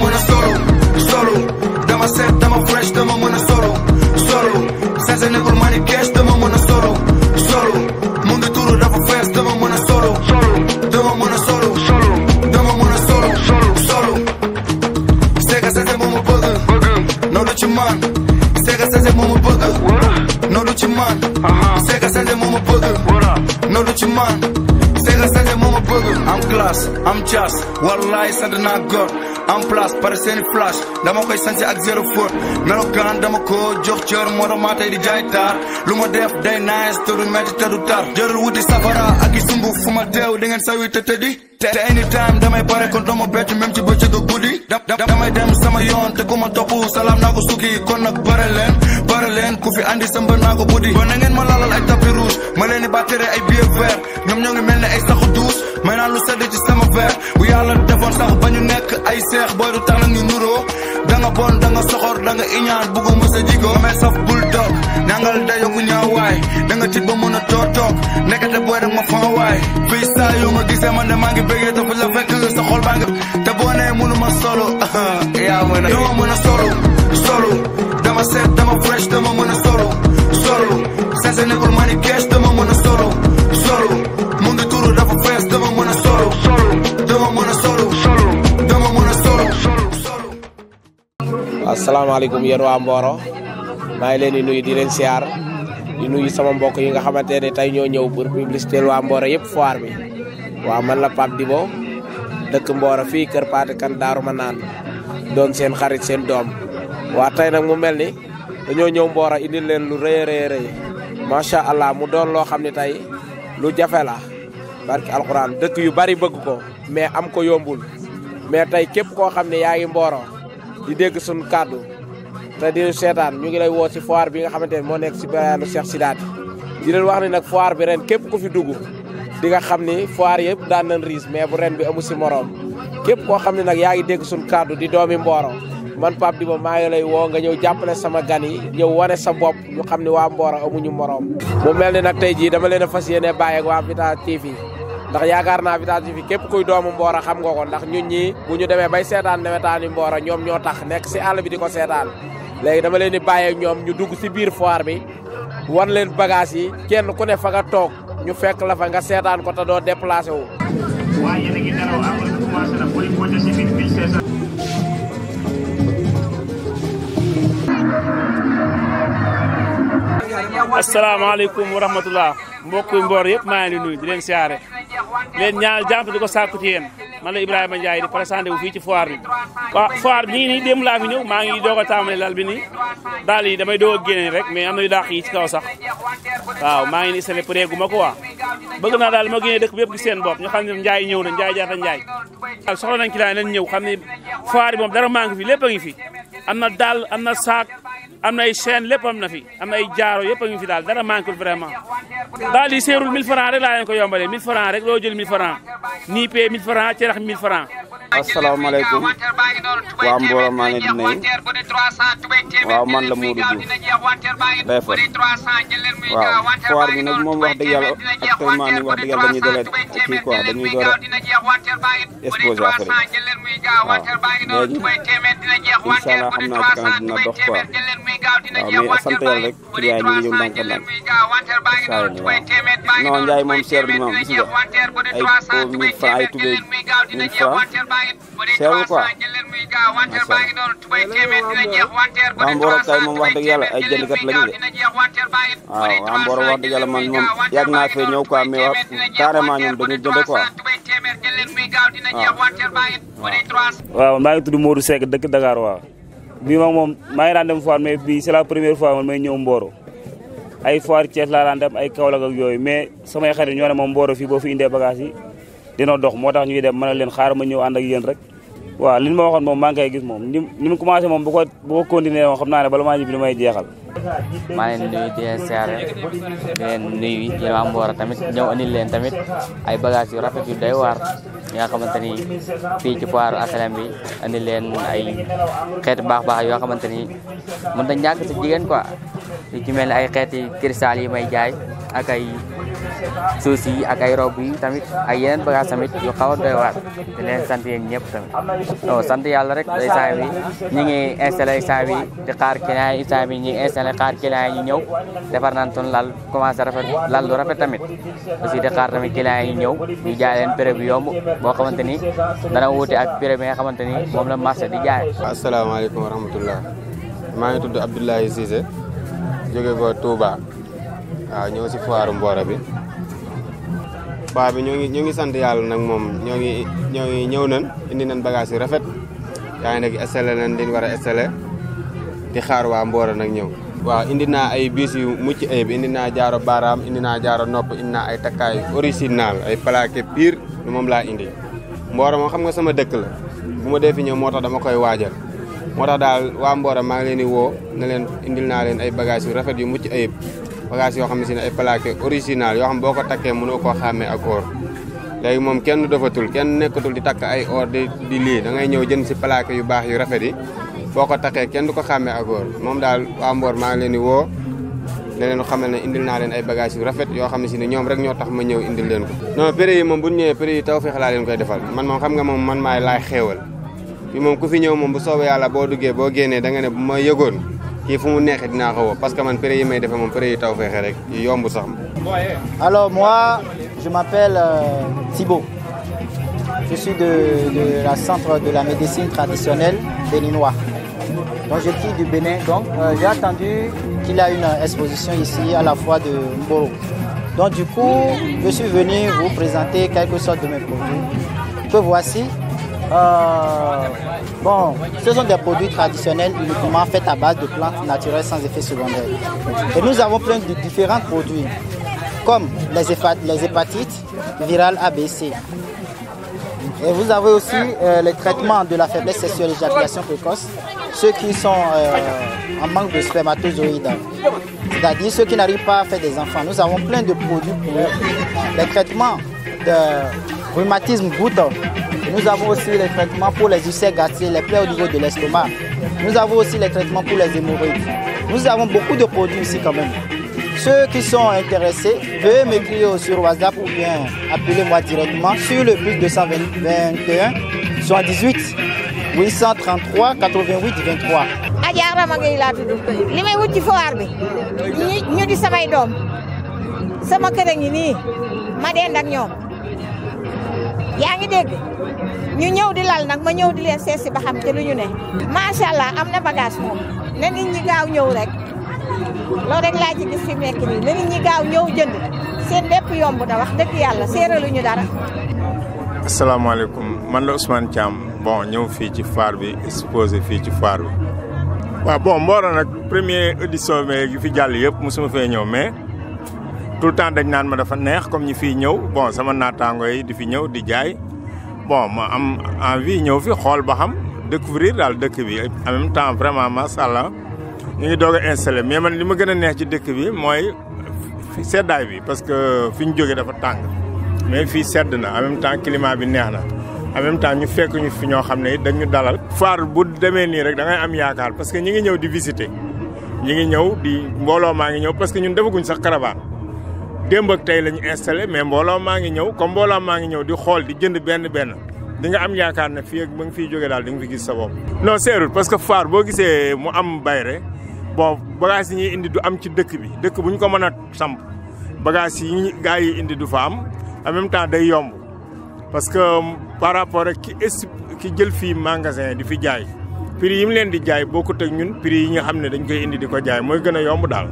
them when solo, solo Dama set, dama fresh, dama when I solo, solo Size and never cash, dama when I solo, solo Mundo duro, rafa fast, dama when I solo, solo Dama when I solo, solo Dama when I solo, solo, solo Sega size and mama bugger, bugger No luchi man Sega size and mama bugger, what? No luchi man uh-huh. Sega size and mama bugger, what? No luchi man Sega size and mama bugger I'm class, I'm just, what lies under not God en place pare seeni flash dama koy sanse ak zéro faute melokaan dama ko jox cër moo tax maa tey di jaay taar lu ma def day nice te du metti te du tar wuti safara ak i sumbu fu ma teew sawi tëddi te anytime damay pare kon doo ma bett ci bëccëg a guddi damay dem sama yoon te ku ma salaam naa ko sukki kon nag bare leen pare leen ku fi andi sa nako budi ko buddi kon ngeen ma lalal ay tapis rouge ma leen di ay billet vert ñoom ñoo ngi ay saxu douce may na lu sedd ci sama vert bu yàlla defoon sax ba ñu nekk ay seex booy du tax nag ñu nuroo da nga bon da nga soxor da nga iñaan ma sa jigo mais saf bulldog nangal dayo ku way, da nga tit ba mën a toog toog nekkate rek ma fan waay fii saa yu ma gisee man de maa ngi bëggee te fu la fekk sa xol baa ngi te boo nee mënu ma solo ya, solo Assalamualaikum set, dă-mă fresh, dă di nuyu di leen siyaar di nuyu sama mbokk yi nga xamante ne ñoo ñëw pour publicité waa Mboro yëpp foire bi waaw man la Mboro kër Kan doon seen xarit seen waa tey nag mu mel ni dañoo ñëw Mboro indil leen lu rëy rëy rëy macha allah mu doon loo xam ne tey lu jafe la barki alxuraan dëkk yu bari bëgg ko mais am ko yombul mais tey képp koo xam ne yaa ngi Mboro di dégg suñu kàddu te di seetaan ñu ngi lay woo si foire bi nga xamante ne moo nekk si baraanu Cheikh Sidaati leen wax ne nag foire bi ren képp ku fi dugg di nga xam ni foire yëpp daan nañ riis mais bu ren bi amu si moroom képp koo xam ne nag yaa ngi dégg suñu kàddu di doomi Mboro man pap Diba ma may lay wo nga ñew jappale sama gan yi ñew wane sa bop ñu xamni wa waa Mboro amuñu morom mu melni nak tay ji dama leena fasiyene baye ak wa Vita TV ndax yaakar na Vita TV kep kuy doom Mboro xam nga ko ndax ñun ñi bu ñu demee bay seetaan nawetaani Mboro ñom ño tax nek ci àll bi diko ko seetaan dama leen di ak ñom ñu dugg ci biir foar bi wan leen bagage yi kenn ku ne fa nga tok ñu fekk la fa nga seetaan ko ta do déplacer wu waaye yéen a ngi nelaw am ah, commencé na booy ko ci biir 1600 asalaamaaleykum wa rahmatullah mbokk mboor yëpp maa ngi nuyu di leen siyaare leen ñaanal jàmm di ko sàkku ci yéen man la Ibrahima Ndiaye di présenté wu fii ci foire bi waaw foire bi ñu ngi nii laa fi ñëw maa ngi doog a tàmbali lal bi nii daal yi damay doog a génne rek mais am na yu dàq ci kaw sax waaw maa ngi nii sale prégu ma ko wa bëgg naa daal ma génne dëkk bi yëpp gis seen bopp ñu xam ne Ndiaye ñëw na Ndiaye jaata Ndiaye soxla nañ ci laay nañ ñëw xam ne foire moom dara maa ngi lépp a ngi fi am na daal am na saak am na ay chaîne lépp am na fi am na ay jaaro yëpp a ngi fi daal dara manqué vraiment daal di seerul 1000 francs rek laa leen ko yombale 1000 francs rek loo jël 1000 francs nii pay 1000 francs cerex 1000 francs asalaamaaleykum waa mbooloo maa ngi leen di nuyu waaw man la Modou Diouf day far waaw foire bi nag moom wax dëgg yàlla actuellement nii wax dëgg yàlla dañuy doole kii quoi dañuy door a exposé affaire yi waaw léegi incha allah xam naa ci kanam dina dox quoi waaw mais sant yàlla rek client yi ñu ngi ñëw ndànk-ndànk saa yu waaw non Ndiaye moom seer bi moom gis nga ay 1000 francs ay tubéy 1000 francs seewu quoi maam boor ak tay moom wax dëgg yàlla ay jëndkat lañu de waaw maam boor wax dëgg yàlla man moom yàgg naa fee ñëw quoi mais wax carrément ñoom dañu jënd quoi waaw maa la première ay foire ak mais xarit ñoo ne Mboro fi bagage dina dox moo tax ñuy dem mën a leen xaar ma ñëw ànd ak yéen rek waaw li ma waxoon moom maa ngi koy gis moom ni mu commencé moom bu ko bu ko continué moom xam naa ne bala maa ñibbi li may jeexal. maa leen nuyu di leen siyaare di leen nuyu yéen waa Mboro tamit ñëw andil leen tamit ay bagages yu rafet yu doy waar. ñi nga xamante ni fii ci foire HLM bi andi leen ay xeeti baax baax yoo xamante ni mën ta ñàkk si jigéen quoi li ci mel ni ay xeeti cristal yi may jaay ak ay suus yi ak ay rob tamit ak yeneen bagage tamit yu xaw a doy waar di leen sant yéen ñëpp tamit o oh, sant yàlla rek instant bi ñu ngi installé instant bi di xaar client yi instant bi ñu installé xaar client yi ñu ñëw defar nañ ton lal commencé rafet lal lu rafet tamit aussi di xaar tamit client yi ñëw ñu jaay leen prix bu yomb boo xamante ni dana wuute ak prix bi xamante ni moom la marché di jaay. asalaamaaleykum wa rahmatullah maa ngi tudd Abdoulaye Cissé jóge ko Touba waaw ñëw si foire Mboro bi. foire bi ñoo ngi ñoo ngi sant yàlla nag moom ñoo ngi ñoo ngi ñëw nan indi nañ bagage yu rafet yaa ngi nekk installé nan li ñu war a installé di xaar waa Mboro nag ñëw. waaw indi na ay bis yu mucc ayib indi naa jaaro baaraam indi naa jaaro nopp indi naa ay takkaay original ay plaqué pire lu moom laa indi mboora moom xam nga sama dëkk la bu ma dee fi ñëw moo tax dama koy waajal moo tax daal waa mboora maa ngi leen di woo ne leen indil naa leen ay bagage yu rafet yu mucc ayib bagage yoo xam ne si ne ay plaqué original yoo xam boo ko takkee mënoo koo xàmmee ak or léegi moom kenn kenn nekkatul di takk ay or di di da ngay ñëw jënd si plaqué yu baax yu rafet yi boo ko taxee kenn du ko xàmmee ak góor moom daal waa Mbour maa ngi leen di woo ne leen xamal ne indil naa leen ay bagages yu rafet yoo xam ne si ne ñoom rek ñoo tax ma ñëw indil leen ko. non prix yi moom bu ñu ñëwee prix yi tawfeex laa leen koy defal man moom xam nga moom man maay laay xéewal fi moom ku fi ñëw moom bu soobee yàlla boo duggee boo génnee da nga ne ma yëgoon kii fu mu neexee dinaa ko woo parce que man prix yi may defee moom prix yi tawfeex rek yu yomb sax. alors moi je m'appelle euh, Thibaut. Je suis de, de la centre de la médecine traditionnelle béninois. Donc je quitte du Bénin. Donc euh, j'ai attendu qu'il y a une exposition ici à la fois de Mboro. Donc du coup, je suis venu vous présenter quelques sortes de mes produits. Que voici. Euh, bon, ce sont des produits traditionnels uniquement faits à base de plantes naturelles sans effet secondaire. Et nous avons plein de différents produits, comme les hépatites virales ABC, et vous avez aussi euh, les traitements de la faiblesse sexuelle et éjaculation précoce, ceux qui sont euh, en manque de spermatozoïdes, c'est-à-dire ceux qui n'arrivent pas à faire des enfants. Nous avons plein de produits pour Les traitements de rhumatisme goutte. Nous avons aussi les traitements pour les ulcères gastriques, les plaies au niveau de l'estomac. Nous avons aussi les traitements pour les hémorroïdes. Nous avons beaucoup de produits ici quand même. Ceux qui sont intéressés, veuillez m'écrire sur WhatsApp ou bien appelez-moi directement sur le plus 221 78 833 88 23. jaarama ngay laa tudd li may wut ci foire bi ñu di samay doom sama kër a ngi nii ma dend ak ñoom yaa dégg ñu ñëw di lal nak ma ñëw di leen seesi ba xam ci lu ñu allah bagage mom. Né nit ñi gaaw ñëw rek loolu rek laa ci gis fi mu nekk ñi gaaw ñëw jënd seen lépp yomb na wax dëgg yàlla séeraluñu dara. asalaamaaleykum man la Ousmane Thiam bon ñëw fii ci foire bi exposé fii ci foire bi. waa bon Mboro nag première édition bi yi fi jàll yëpp mosuma fee ñëw mais tout le temps dañ naan ma dafa neex comme ñi fi ñëw bon sama naataango yi di fi ñëw di jaay bon ma am envie ñëw fi xool ba xam découvrir daal dëkk bi en même temps vraiment macha allah ñu ngi doog a installé mais man li ma gën a neex ci dëkk bi mooy seddaay bi parce que fi ñu jógee dafa tàng mais fii sedd na en même temps climat bi neex na en même temps ñu fekk ñu fi ñoo xam ne dañu dalal. foire bu demee nii rek da ngay am yaakaar parce que ñi ngi ñëw di visiter ñi ngi ñëw di mbooloo maa ngi ñëw parce que ñun defaguñ sax caravane. démb ak tey la installé mais mbooloo maa ngi ñëw comme mbooloo maa ngi ñëw di xool di jënd benn benn di nga am yaakaar ne fii ak ba nga fiy jógee daal di nga fi gis sa bopp. non seerul parce que foire boo gisee mu am bayre bon bagage yi ñuy indi du am ci dëkk bi dëkk bu ñu ko mën a samp bagage yi gaa yi indi du fa am en même temps day yomb parce que euh, par rapport ak ki ki jël fii magasin di fi jaay prix yi mu leen di jaay bokkut teg ñun prix yi nga xam ne dañ koy indi di ko jaay mooy gën a yomb daal.